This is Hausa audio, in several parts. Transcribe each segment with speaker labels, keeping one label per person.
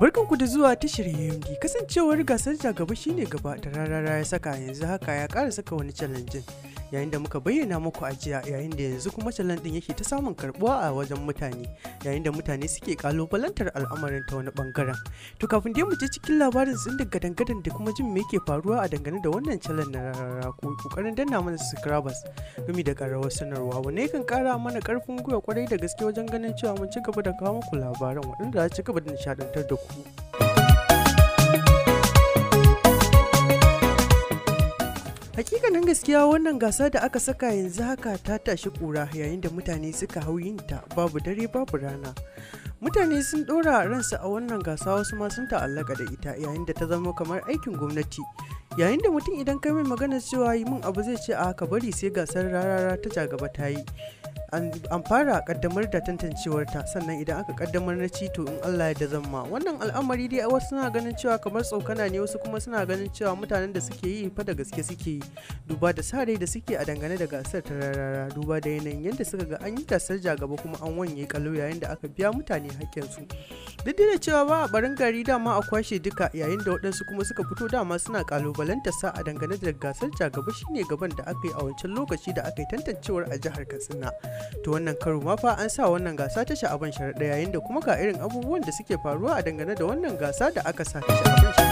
Speaker 1: Barkanku da zuwa tashar AMD kasancewar gasar ta gaba shine gaba da rarara ya saka yanzu haka ya kara saka wani challenge yayin da muka bayyana muku ajiya yayin da yanzu kuma calan din yake ta samun karbuwa a wajen mutane yayin da mutane suke kalubalantar al'amarin ta wani bangaren to kafin dai mu je cikin labarin sun daga dangadan da kuma jin me yake faruwa a dangane da wannan calan na rarara ko kokarin danna mana subscribers gumi da karawar sanarwa wanne kan kara mana karfin gwiwa kwarai da gaske wajen ganin cewa mun ci gaba da kawo muku labaran waɗanda za ci gaba da nishadantar da ku. hakikanin gaskiya wannan gasa da aka saka yanzu haka ta tashi kura yayin da mutane suka hau yinta babu dare babu rana mutane sun ɗora ransa a wannan gasa wasu ma sun ta'allaka da ita yayin da ta zama kamar aikin gwamnati yayin da mutum idan kai mai magana cewa yi min abu zai ce a haka bari sai gasar rarara ta jagaba ta yi an fara kaddamar da ta sannan idan aka kaddamar na cito in Allah ya da zamma wannan al'amari dai wasu suna ganin cewa kamar tsokana ne wasu kuma suna ganin cewa mutanen da suke yi fa da gaske suke yi duba da sare da suke a dangane da gasar ta rarara duba da yanayin yadda suka ga an yi gasar jagaba kuma an wanye kallo yayin da aka biya mutane hakkin su duk da cewa ba a barin gari dama a kwashe duka yayin da waɗansu kuma suka fito dama suna kalubalanta sa a dangane da gasar jagaba shine gaban da aka yi a wancan lokaci da aka yi tantancewar a jihar Katsina. to wannan karo ma fa an sa wannan gasa ta sha'aban sharaɗa yayin da kuma ga irin abubuwan da suke faruwa a dangane da wannan gasa da aka sa ta sha'aban sharaɗa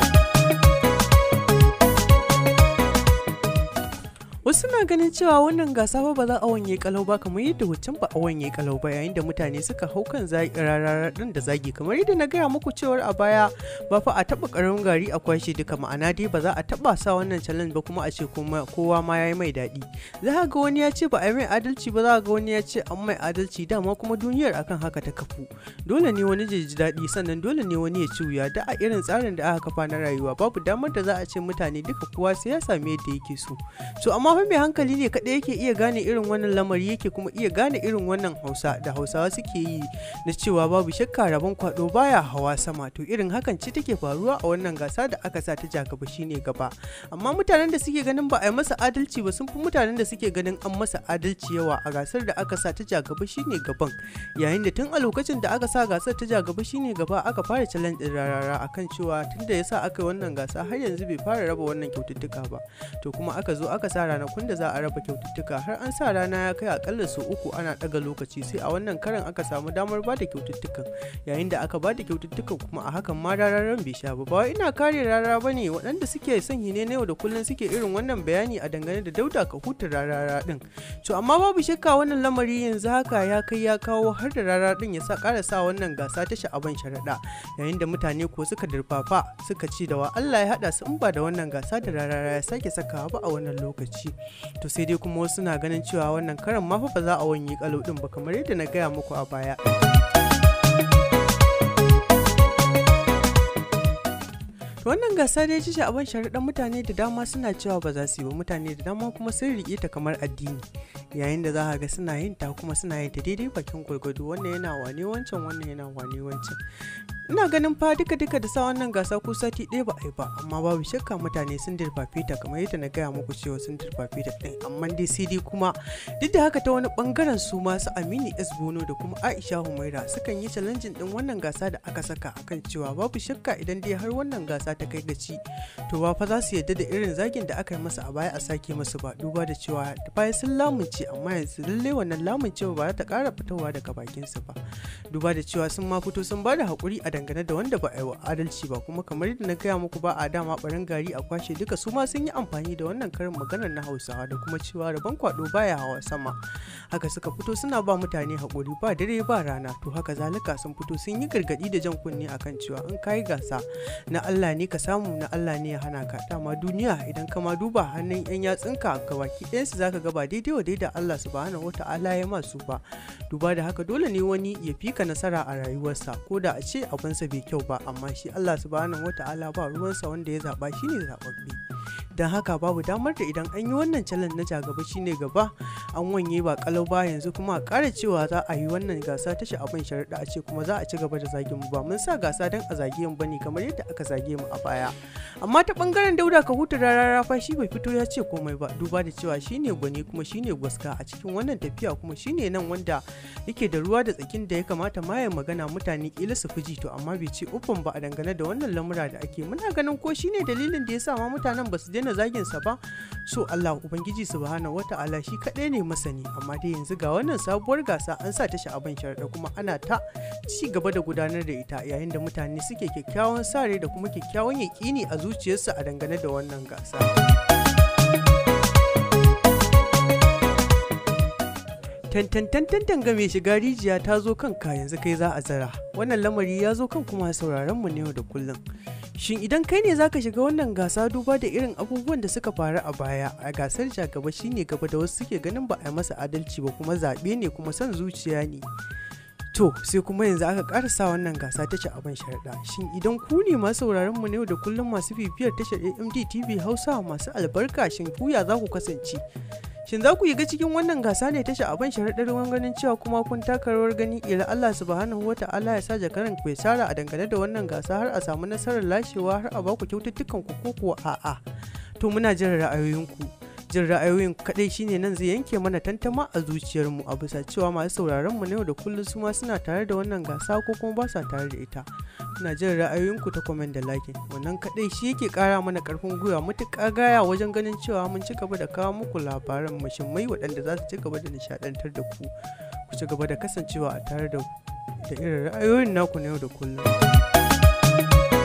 Speaker 1: Wasu na ganin cewa wannan gasa ba za a wanye kalau ba kamar yadda wancan ba a wanye kalau ba yayin da mutane suka hau kan rarara da zagi kamar yadda na gaya muku cewar a baya ba fa a taba karamin gari a kwashe duka ma'ana dai ba za a taba sa wannan challenge ba kuma a ce kowa ma ya yi mai daɗi. Za ga wani ya ce ba a yi mai adalci ba za ga wani ya ce an mai adalci dama kuma duniyar akan haka ta kafu. Dole ne wani ji daɗi sannan dole ne wani ya ci wuya da a irin tsarin da aka kafa na rayuwa babu damar da za a ce mutane duka kowa sai ya sami yadda yake so. To amma kamar mai hankali ne kaɗai yake iya gane irin wannan lamari yake kuma iya gane irin wannan hausa da hausawa suke yi na cewa babu shakka rabon kwado baya hawa sama to irin hakan ce take faruwa a wannan gasa da aka sa ta jagaba shine gaba amma mutanen da suke ganin ba a yi masa adalci ba sun fi mutanen da suke ganin an masa adalci yawa a gasar da aka sa ta jagaba shine gaban yayin da tun a lokacin da aka sa gasar ta jagaba shine gaba aka fara challenge din rarara akan cewa tun da yasa aka yi wannan gasa har yanzu bai fara raba wannan kyaututtuka ba to kuma aka zo aka sa ranakun da za a raba kyaututtuka har an sa rana ya kai akalla sau uku ana daga lokaci sai a wannan karan aka samu damar bada kyaututtukan yayin da aka bada kyaututtukan kuma a hakan ma rararren bai sha ba ina kare rara ba ne waɗanda suke son hine na yau da kullum suke irin wannan bayani a dangane da dauda ka huta rarara din to amma babu shakka wannan lamari yanzu haka ya kai ya kawo har da rara din ya sa ƙara sa wannan gasa ta sha'aban sharaɗa yayin da mutane ko suka dirfafa suka ci da wa Allah ya haɗa su in ba da wannan gasa da rarara ya sake sakawa ba a wannan lokaci shi to sai dai kuma wasu na ganin cewa wannan karan ma fa ba za a wanye kalau din ba kamar yadda na gaya muku a baya wannan gasa dai ji abin sharaɗan mutane da dama suna cewa ba za su yi ba mutane da dama kuma sun riƙe ta kamar addini yayin da za ka ga suna yin ta kuma suna yin ta daidai bakin gwargwado wannan yana wane wancan wannan yana wane wancan ina ganin fa duka duka da sa nan gasa ko sati ɗaya ba a yi ba amma babu shakka mutane sun dirfafe ta kamar yadda na gaya muku cewa sun dirfafe ta ɗin amma dai cd kuma duk da haka ta wani bangaren su masu amini s bono da kuma aisha humaira sukan yi challenging ɗin wannan gasa da aka saka akan cewa babu shakka idan dai har wannan gasa ta kai gaci to ba fa za su yadda da irin zagin da aka yi masa a baya a sake masu ba duba da cewa da baya sun lamunce amma yanzu lallai wannan lamuncewa ba za ta ƙara fitowa daga bakinsu ba duba da cewa sun ma fito sun ba da haƙuri a dangane da wanda ba a yi wa adalci ba kuma kamar yadda na gaya muku ba a dama barin gari a kwashe duka su ma sun yi amfani da wannan karin maganar na hausawa da kuma cewa rabon kwado baya hawa sama haka suka fito suna ba mutane haƙuri ba dare ba rana to haka zalika sun fito sun yi gargaɗi da jan kunne akan cewa in kayi gasa na Allah ne ka samu na Allah ne ya hana ka dama duniya idan ka ma duba hannun yan yatsunka ga baki ɗayansu zaka ga ba daidai wa daidai Allah su subhanahu wata'ala ya masu ba duba da haka dole ne wani ya fika nasara a rayuwarsa ko da a ce abin zaɓensa bai kyau ba amma shi Allah subhanahu wata'ala ba ruwansa wanda ya zaɓa shi ne zaɓaɓɓe don haka babu damar da idan an yi wannan challenge na jagaba shine gaba an wanye ba kalau ba yanzu kuma a kara cewa za a yi wannan gasa ta sha'aban sharaɗa a ce kuma za a ci gaba da zage mu ba mun sa gasa don a zage mu bane kamar yadda aka zage mu a baya amma ta bangaren dauda ka huta rararafa shi bai fito ya ce komai ba duba da cewa shine gwani kuma shine gwaska a cikin wannan tafiya kuma shine nan wanda yake da ruwa da tsakin da ya kamata ma magana mutane kila su fiji to amma bai ce uffan ba a dangane da wannan lamura da ake muna ganin ko shine dalilin da ya sa ma mutanen ba ba su daina zagin sa ba so Allah ubangiji subhanahu wata'ala shi kadai ne masani amma dai yanzu ga wannan sabuwar gasa an sa ta sha'aban sharaɗa kuma ana ta ci gaba da gudanar da ita yayin da mutane suke kyakkyawan sare da kuma kyakkyawan yaƙini a zuciyarsu a dangane da wannan gasa. tantantantan game shiga rijiya ta zo kanka yanzu kai za a zara wannan lamari ya zo kan kuma sauraron mu ne yau da kullum Shin idan kai ne zaka shiga wannan gasa duba da irin abubuwan da suka faru a baya a gasar jagaba shine gaba da wasu suke ganin ba a yi masa adalci ba kuma zaɓe ne kuma son zuciya ne. To sai kuma yanzu aka karasa wannan gasa ta ci abin sharɗa. Shin idan ku ne masu sauraron mu yau da kullum masu bibiyar tashar AMD TV Hausa masu albarka shin ku ya za ku kasance? Shin za ku yi ga cikin wannan gasa ne ta sha'aban sharaɗar ruwan ganin cewa kuma kun taka rawar gani ila Allah subhanahu wa ta'ala ya sa jakaran ku sara a dangane da wannan gasa har a samu nasarar lashewa har a baku kyaututtukan ku ko kuwa a'a. To muna jin ra'ayoyinku. jin ra'ayoyin kaɗai shine nan zai yanke mana tantama a zuciyarmu a bisa cewa masu sauraron mu na yau da kullum su ma suna tare da wannan gasa ko kuma ba sa tare da ita ina jin ra'ayoyinku ta comment da like wannan kaɗai shi yake ƙara mana ƙarfin gwiwa matuƙa gaya wajen ganin cewa mun ci gaba da kawo muku labaran mashimmai waɗanda za su ci gaba da nishaɗantar da ku ku ci gaba da kasancewa a tare da irin ra'ayoyin naku na yau da kullum